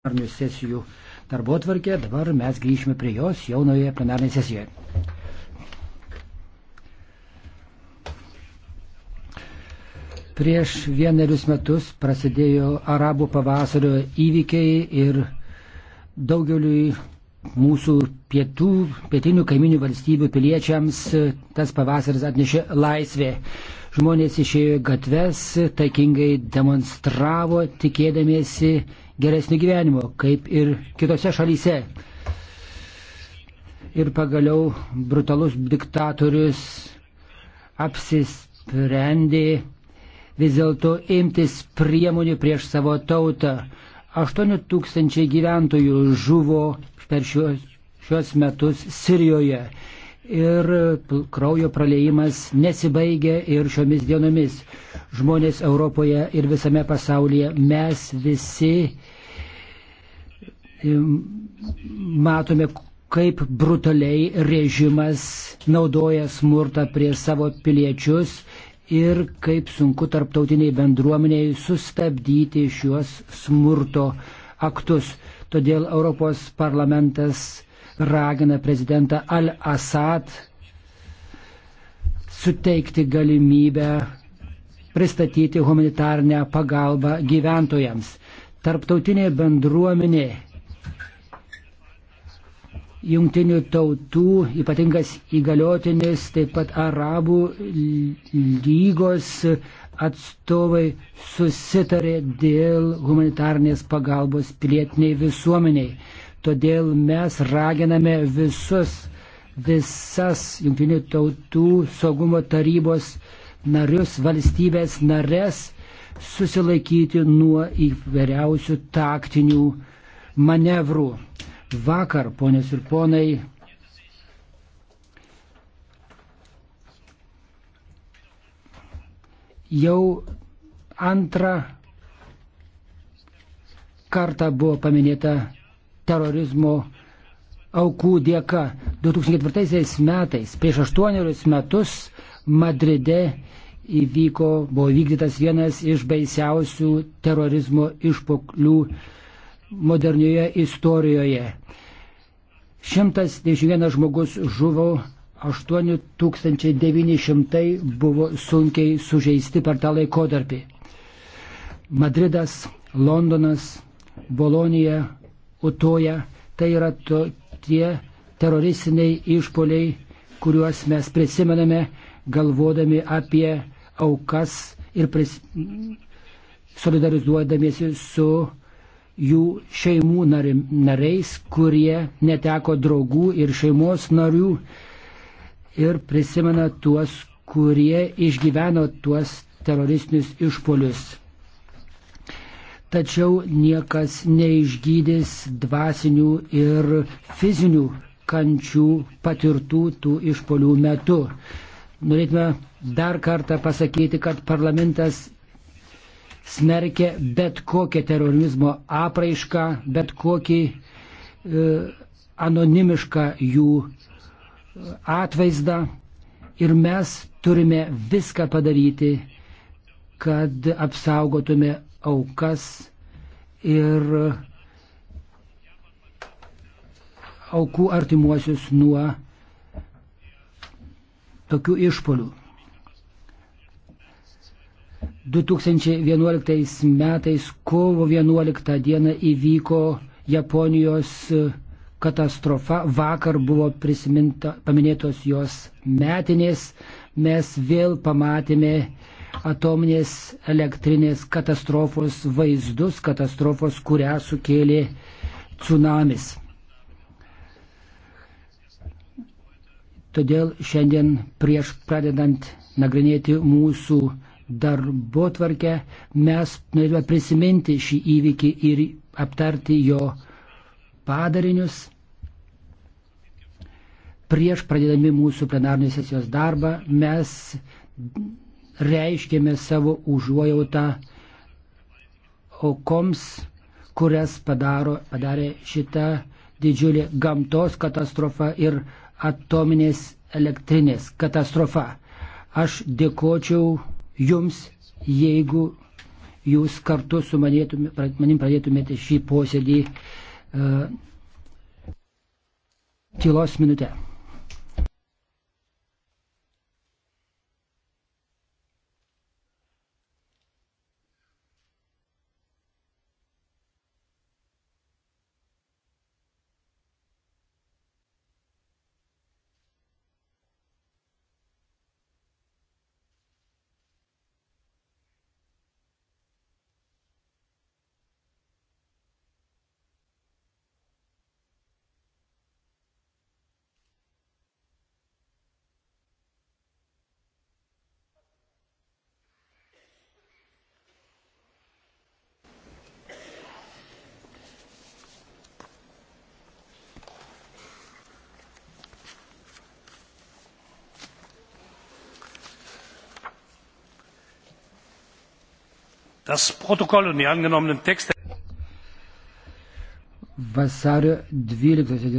plenarnių sesijų darbo tvarkė, dabar mes grįžime prie jos jaunoje plenarnėje sesijoje. Prieš vienerius metus prasidėjo arabų pavasario įvykiai ir daugeliui mūsų pietų, pietinių kaiminių valstybių piliečiams e, tas pavasaris atnešė laisvę. Žmonės išėjo gatves, taikingai demonstravo, tikėdamiesi geresnio gyvenimo, kaip ir kitose šalyse. Ir pagaliau brutalus diktatorius apsisprendė vis dėlto imtis priemonių prieš savo tautą. 8 tūkstančiai gyventojų žuvo per šios, šios metus Sirijoje ir kraujo praleimas nesibaigia ir šiomis dienomis. Žmonės Europoje ir visame pasaulyje mes visi matome, kaip brutaliai režimas naudoja smurtą prieš savo piliečius ir kaip sunku tarptautiniai bendruomeniai sustabdyti šiuos smurto aktus. Todėl Europos parlamentas ragina prezidentą Al-Assad suteikti galimybę pristatyti humanitarnę pagalbą gyventojams. Tarptautinė bendruomenė jungtinių tautų ypatingas įgaliotinis, taip pat arabų lygos atstovai susitarė dėl humanitarnės pagalbos pilietiniai visuomeniai. Todėl mes raginame visus, visas jungtinių tautų saugumo tarybos narius, valstybės nares susilaikyti nuo įvairiausių taktinių manevrų. Vakar, ponės ir ponai, jau antrą kartą buvo paminėta terorizmo aukų dėka. 2004 metais, prieš aštuonerius metus, Madride įvyko, buvo vykdytas vienas iš baisiausių terorizmo išpoklių modernioje istorijoje. 101 žmogus žuvo, 8900 buvo sunkiai sužeisti per tą laikotarpį. Madridas, Londonas, Bolonija, Utoja - tai yra to, tie teroristiniai išpoliai, kuriuos mes prisimename, galvodami apie aukas ir pris, solidarizuodamiesi su jų šeimų nariais, kurie neteko draugų ir šeimos narių ir prisimena tuos, kurie išgyveno tuos teroristinius išpolius. Tačiau niekas neišgydys dvasinių ir fizinių kančių patirtų tų išpolių metu. Norėtume dar kartą pasakyti, kad parlamentas smerkia bet kokią terorizmo apraišką, bet kokį e, anonimišką jų e, atvaizdą ir mes turime viską padaryti, kad apsaugotume aukas ir aukų artimuosius nuo tokių išpolių. 2011 metais kovo 11 dieną įvyko Japonijos e, katastrofa. Vakar buvo prisiminta, paminėtos jos metinės. Mes vėl pamatėme atominės elektrinės katastrofos vaizdus, katastrofos, kurią sukėlė tsunamis. Todėl šiandien prieš pradedant nagrinėti mūsų darbo tvarkę mes norėtume prisiminti šį įvykį ir aptarti jo padarinius. Prieš pradėdami mūsų plenarnės sesijos darbą mes reiškėme savo užuojautą aukoms, kurias padaro, padarė šita didžiulė gamtos katastrofa ir atominės elektrinės katastrofa. Aš dėkočiau jums, jeigu jūs kartu su manėtume, manim pradėtumėte šį posėdį uh, tylos minutę. Das Protokoll und die angenommenen Texte. Vasario 12 dienos.